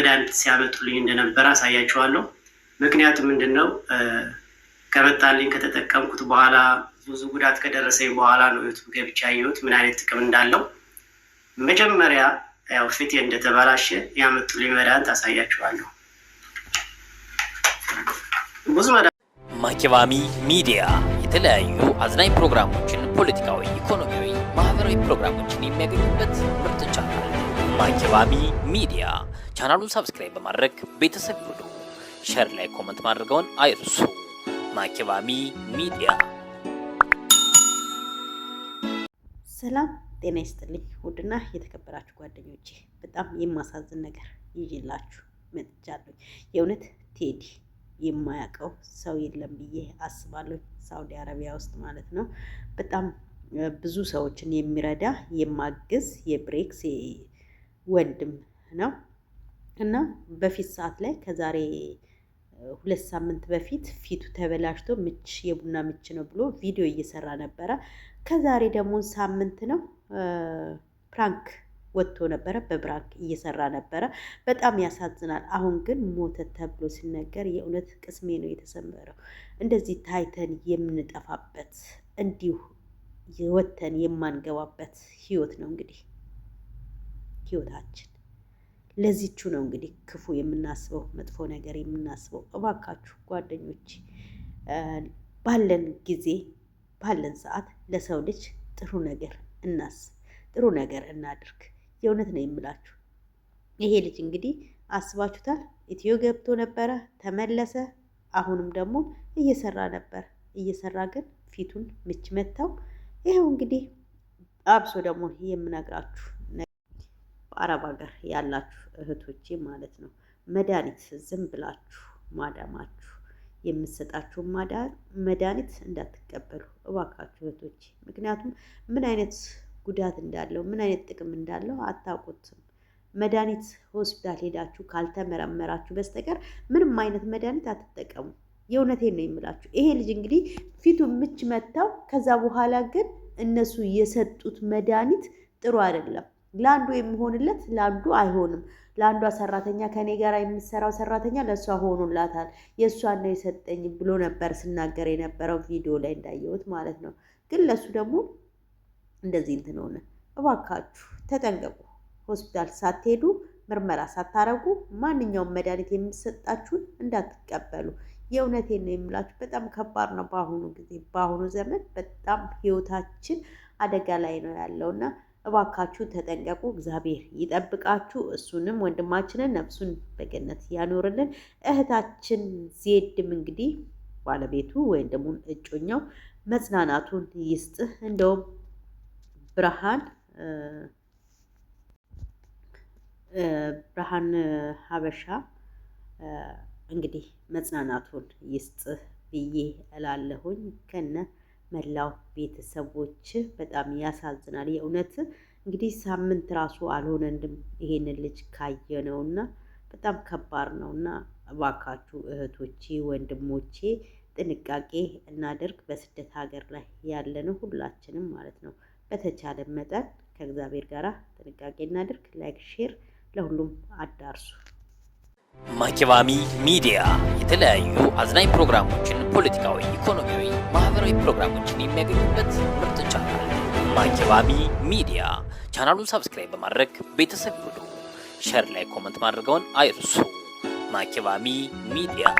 መድኃኒት ሲያመጡልኝ እንደነበረ አሳያችኋለሁ። ምክንያቱም ምንድን ነው ከመጣልኝ ከተጠቀምኩት በኋላ ብዙ ጉዳት ከደረሰኝ በኋላ ነው ዩቱብ ገብቼ ያየሁት ምን አይነት ጥቅም እንዳለው። መጀመሪያ ያው ፊቴ እንደተበላሸ ያመጡልኝ መድኃኒት አሳያችኋለሁ። ብዙ ማኪባሚ ሚዲያ የተለያዩ አዝናኝ ፕሮግራሞችን፣ ፖለቲካዊ፣ ኢኮኖሚያዊ፣ ማህበራዊ ፕሮግራሞችን የሚያገኙበት ምርጥ ቻናል ማኪባሚ ሚዲያ ቻናሉን ሰብስክራይብ በማድረግ ቤተሰብ ይሁኑ። ሸር ላይ ኮመንት ማድረገውን አይርሱ። ማኪባሚ ሚዲያ። ሰላም ጤና ይስጥልኝ። ውድና የተከበራችሁ ጓደኞቼ በጣም የማሳዝን ነገር ይዤላችሁ መጥቻለሁ። የእውነት ቴዲ የማያውቀው ሰው የለም ብዬ አስባለሁ። ሳውዲ አረቢያ ውስጥ ማለት ነው። በጣም ብዙ ሰዎችን የሚረዳ የማግዝ የብሬክስ ወንድም ነው። እና በፊት ሰዓት ላይ ከዛሬ ሁለት ሳምንት በፊት ፊቱ ተበላሽቶ ምች የቡና ምች ነው ብሎ ቪዲዮ እየሰራ ነበረ። ከዛሬ ደግሞ ሳምንት ነው ፕራንክ ወጥቶ ነበረ። በብራንክ እየሰራ ነበረ። በጣም ያሳዝናል። አሁን ግን ሞተ ተብሎ ሲነገር የእውነት ቅስሜ ነው የተሰመረው። እንደዚህ ታይተን የምንጠፋበት እንዲሁ ወተን የማንገባበት ህይወት ነው እንግዲህ ህይወታችን ለዚቹ ነው እንግዲህ ክፉ የምናስበው መጥፎ ነገር የምናስበው። እባካችሁ ጓደኞች ባለን ጊዜ ባለን ሰዓት ለሰው ልጅ ጥሩ ነገር እናስብ፣ ጥሩ ነገር እናድርግ። የእውነት ነው የምላችሁ። ይሄ ልጅ እንግዲህ አስባችሁታል። ኢትዮ ገብቶ ነበረ ተመለሰ። አሁንም ደግሞ እየሰራ ነበር። እየሰራ ግን ፊቱን ምች መታው። ይኸው እንግዲህ አብሶ ደግሞ የምነግራችሁ አረብ ሀገር ያላችሁ እህቶቼ ማለት ነው መድኃኒት ዝም ብላችሁ ማዳማችሁ የምትሰጣችሁ መድኃኒት እንዳትቀበሉ እባካችሁ እህቶቼ። ምክንያቱም ምን አይነት ጉዳት እንዳለው ምን አይነት ጥቅም እንዳለው አታውቁትም። መድኃኒት ሆስፒታል ሄዳችሁ ካልተመረመራችሁ በስተቀር ምንም አይነት መድኃኒት አትጠቀሙ። የእውነቴን ነው የምላችሁ። ይሄ ልጅ እንግዲህ ፊቱ ምች መታው። ከዛ በኋላ ግን እነሱ የሰጡት መድኃኒት ጥሩ አይደለም። ለአንዱ የሚሆንለት ለአንዱ አይሆንም። ለአንዷ ሰራተኛ ከኔ ጋር የሚሰራው ሰራተኛ ለእሷ ሆኑላታል ነው የሰጠኝ ብሎ ነበር ስናገር የነበረው ቪዲዮ ላይ እንዳየሁት ማለት ነው። ግን ለእሱ ደግሞ እንደዚህ እንትን ሆነ። እባካችሁ ተጠንቀቁ። ሆስፒታል ሳትሄዱ ምርመራ ሳታረጉ ማንኛውም መድኃኒት የምሰጣችሁን እንዳትቀበሉ። የእውነቴን ነው የምላችሁ። በጣም ከባድ ነው። በአሁኑ ጊዜ በአሁኑ ዘመን በጣም ህይወታችን አደጋ ላይ ነው ያለውና እባካችሁ ተጠንቀቁ። እግዚአብሔር ይጠብቃችሁ። እሱንም ወንድማችንን ነፍሱን በገነት ያኖርልን። እህታችን ዜድም እንግዲህ ባለቤቱ ወይም ደግሞ እጮኛው መጽናናቱን ይስጥህ። እንደውም ብርሃን ብርሃን ሀበሻ እንግዲህ መጽናናቱን ይስጥህ ብዬ እላለሁኝ ከነ መላው ቤተሰቦች በጣም ያሳዝናል። የእውነት እንግዲህ ሳምንት ራሱ አልሆነንም ይሄንን ልጅ ካየ ነው እና በጣም ከባድ ነው እና እባካችሁ እህቶቼ፣ ወንድሞቼ ጥንቃቄ እናደርግ። በስደት ሀገር ላይ ያለነው ሁላችንም ማለት ነው። በተቻለ መጠን ከእግዚአብሔር ጋር ጥንቃቄ እናደርግ። ላይክ፣ ሼር ለሁሉም አዳርሱ። ማኪባሚ ሚዲያ የተለያዩ አዝናኝ ፕሮግራሞችን ፖለቲካዊ፣ ኢኮኖሚያዊ ወቅታዊ ፕሮግራሞችን የሚያገኙበት ምርጥ ቻናል ማኪባቢ ሚዲያ። ቻናሉን ሰብስክራይብ በማድረግ ቤተሰብ ይሁኑ። ሸር ላይ ኮመንት ማድረገውን አይርሱ። ማኪባቢ ሚዲያ